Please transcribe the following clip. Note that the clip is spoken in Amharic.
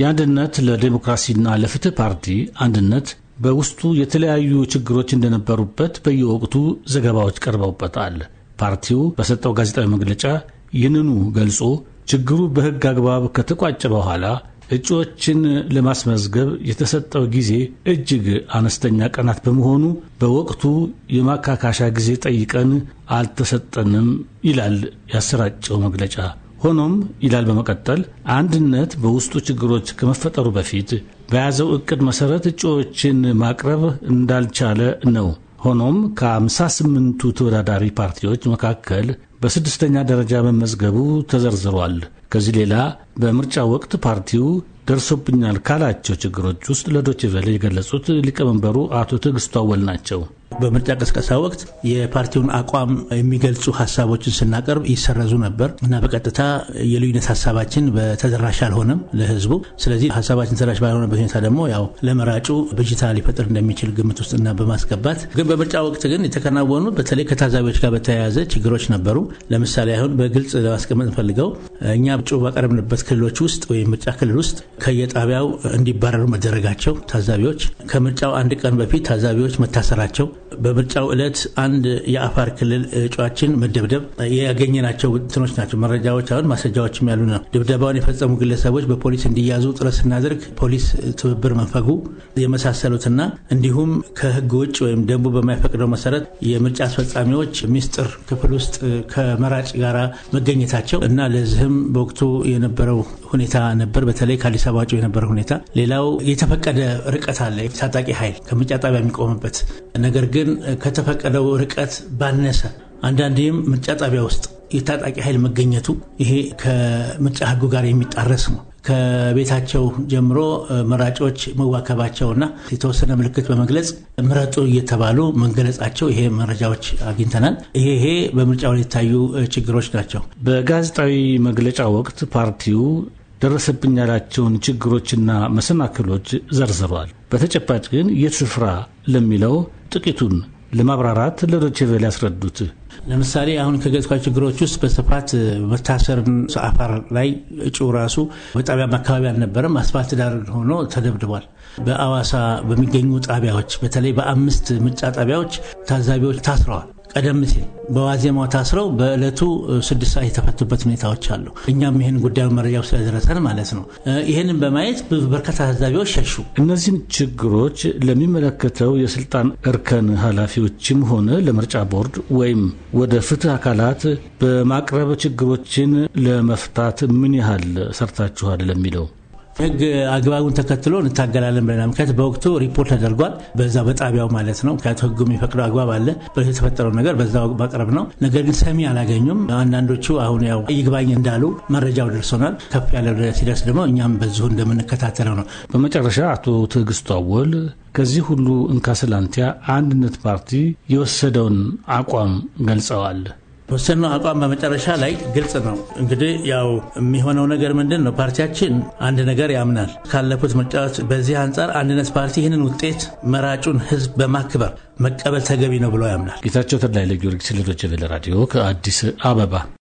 የአንድነት ለዴሞክራሲና ለፍትህ ፓርቲ አንድነት በውስጡ የተለያዩ ችግሮች እንደነበሩበት በየወቅቱ ዘገባዎች ቀርበውበታል። ፓርቲው በሰጠው ጋዜጣዊ መግለጫ ይህንኑ ገልጾ ችግሩ በሕግ አግባብ ከተቋጨ በኋላ እጩዎችን ለማስመዝገብ የተሰጠው ጊዜ እጅግ አነስተኛ ቀናት በመሆኑ በወቅቱ የማካካሻ ጊዜ ጠይቀን አልተሰጠንም ይላል ያሰራጨው መግለጫ። ሆኖም ይላል በመቀጠል አንድነት በውስጡ ችግሮች ከመፈጠሩ በፊት በያዘው እቅድ መሰረት እጩዎችን ማቅረብ እንዳልቻለ ነው። ሆኖም ከ58ቱ ተወዳዳሪ ፓርቲዎች መካከል በስድስተኛ ደረጃ መመዝገቡ ተዘርዝሯል። ከዚህ ሌላ በምርጫ ወቅት ፓርቲው ደርሶብኛል ካላቸው ችግሮች ውስጥ ለዶችቬለ የገለጹት ሊቀመንበሩ አቶ ትዕግስቱ አወል ናቸው። በምርጫ ቀስቀሳ ወቅት የፓርቲውን አቋም የሚገልጹ ሀሳቦችን ስናቀርብ ይሰረዙ ነበር እና በቀጥታ የልዩነት ሀሳባችን በተደራሽ አልሆነም ለህዝቡ። ስለዚህ ሀሳባችን ተደራሽ ባልሆነበት ሁኔታ ደግሞ ያው ለመራጩ ብዥታ ሊፈጥር እንደሚችል ግምት እና በማስገባት ግን በምርጫ ወቅት ግን የተከናወኑ በተለይ ከታዛቢዎች ጋር በተያያዘ ችግሮች ነበሩ። ለምሳሌ አሁን በግልጽ ለማስቀመጥ እንፈልገው እኛ እጩ ባቀረብንበት ክልሎች ውስጥ ወይም ምርጫ ክልል ውስጥ ከየጣቢያው እንዲባረሩ መደረጋቸው ታዛቢዎች ከምርጫው አንድ ቀን በፊት ታዛቢዎች መታሰራቸው በምርጫው ዕለት አንድ የአፋር ክልል እጩዋችን መደብደብ ያገኘናቸው እንትኖች ናቸው መረጃዎች፣ አሁን ማስረጃዎችም ያሉ ነው። ድብደባውን የፈጸሙ ግለሰቦች በፖሊስ እንዲያዙ ጥረት ስናደርግ ፖሊስ ትብብር መንፈጉ የመሳሰሉትና እንዲሁም ከህግ ውጭ ወይም ደንቡ በማይፈቅደው መሰረት የምርጫ አስፈጻሚዎች ሚስጥር ክፍል ውስጥ ከመራጭ ጋራ መገኘታቸው እና ለዚህም በወቅቱ የነበረው ሁኔታ ነበር። በተለይ ከአዲስ አበባ ውጭ የነበረ ሁኔታ። ሌላው የተፈቀደ ርቀት አለ። ታጣቂ ኃይል ከምርጫ ጣቢያ የሚቆምበት ነገር ግን ግን ከተፈቀደው ርቀት ባነሰ አንዳንዴም ምርጫ ጣቢያ ውስጥ የታጣቂ ኃይል መገኘቱ ይሄ ከምርጫ ሕጉ ጋር የሚጣረስ ነው። ከቤታቸው ጀምሮ መራጮች መዋከባቸውና የተወሰነ ምልክት በመግለጽ ምረጡ እየተባሉ መገለጻቸው ይሄ መረጃዎች አግኝተናል። ይሄ በምርጫው የታዩ ችግሮች ናቸው። በጋዜጣዊ መግለጫ ወቅት ፓርቲው ደረሰብኝ ያላቸውን ችግሮችና መሰናክሎች ዘርዝሯል። በተጨባጭ ግን የት ስፍራ ለሚለው ጥቂቱን ለማብራራት ለዶችቬል ያስረዱት። ለምሳሌ አሁን ከገጽኳ ችግሮች ውስጥ በስፋት መታሰር አፋር ላይ እጩ ራሱ በጣቢያም አካባቢ አልነበረም፣ አስፋልት ዳር ሆኖ ተደብድቧል። በአዋሳ በሚገኙ ጣቢያዎች በተለይ በአምስት ምርጫ ጣቢያዎች ታዛቢዎች ታስረዋል። ቀደም ሲል በዋዜማው ታስረው በዕለቱ ስድስት ሰዓት የተፈቱበት ሁኔታዎች አሉ። እኛም ይህን ጉዳዩ መረጃው ስለደረሰን ማለት ነው። ይህንን በማየት በርካታ ታዛቢዎች ሸሹ። እነዚህን ችግሮች ለሚመለከተው የስልጣን እርከን ኃላፊዎችም ሆነ ለምርጫ ቦርድ ወይም ወደ ፍትህ አካላት በማቅረብ ችግሮችን ለመፍታት ምን ያህል ሰርታችኋል ለሚለው ህግ አግባቡን ተከትሎ እንታገላለን ብለናል። ምክንያት በወቅቱ ሪፖርት ተደርጓል፣ በዛ በጣቢያው ማለት ነው። ምክንያቱ ህጉ የሚፈቅደው አግባብ አለ። የተፈጠረው ነገር በዛ ማቅረብ ነው። ነገር ግን ሰሚ አላገኙም። አንዳንዶቹ አሁን ያው ይግባኝ እንዳሉ መረጃው ደርሶናል። ከፍ ያለ ሲደርስ ደግሞ እኛም በዚሁ እንደምንከታተለው ነው። በመጨረሻ አቶ ትዕግስቱ አወል ከዚህ ሁሉ እንካስላንቲያ አንድነት ፓርቲ የወሰደውን አቋም ገልጸዋል። ወሰነው አቋም በመጨረሻ ላይ ግልጽ ነው። እንግዲህ ያው የሚሆነው ነገር ምንድን ነው? ፓርቲያችን አንድ ነገር ያምናል ካለፉት ምርጫዎች። በዚህ አንጻር አንድነት ፓርቲ ይህንን ውጤት መራጩን ህዝብ በማክበር መቀበል ተገቢ ነው ብሎ ያምናል። ጌታቸው ተድላይ ለጊዮርጊስ ለዶይቼ ቬለ ራዲዮ ከአዲስ አበባ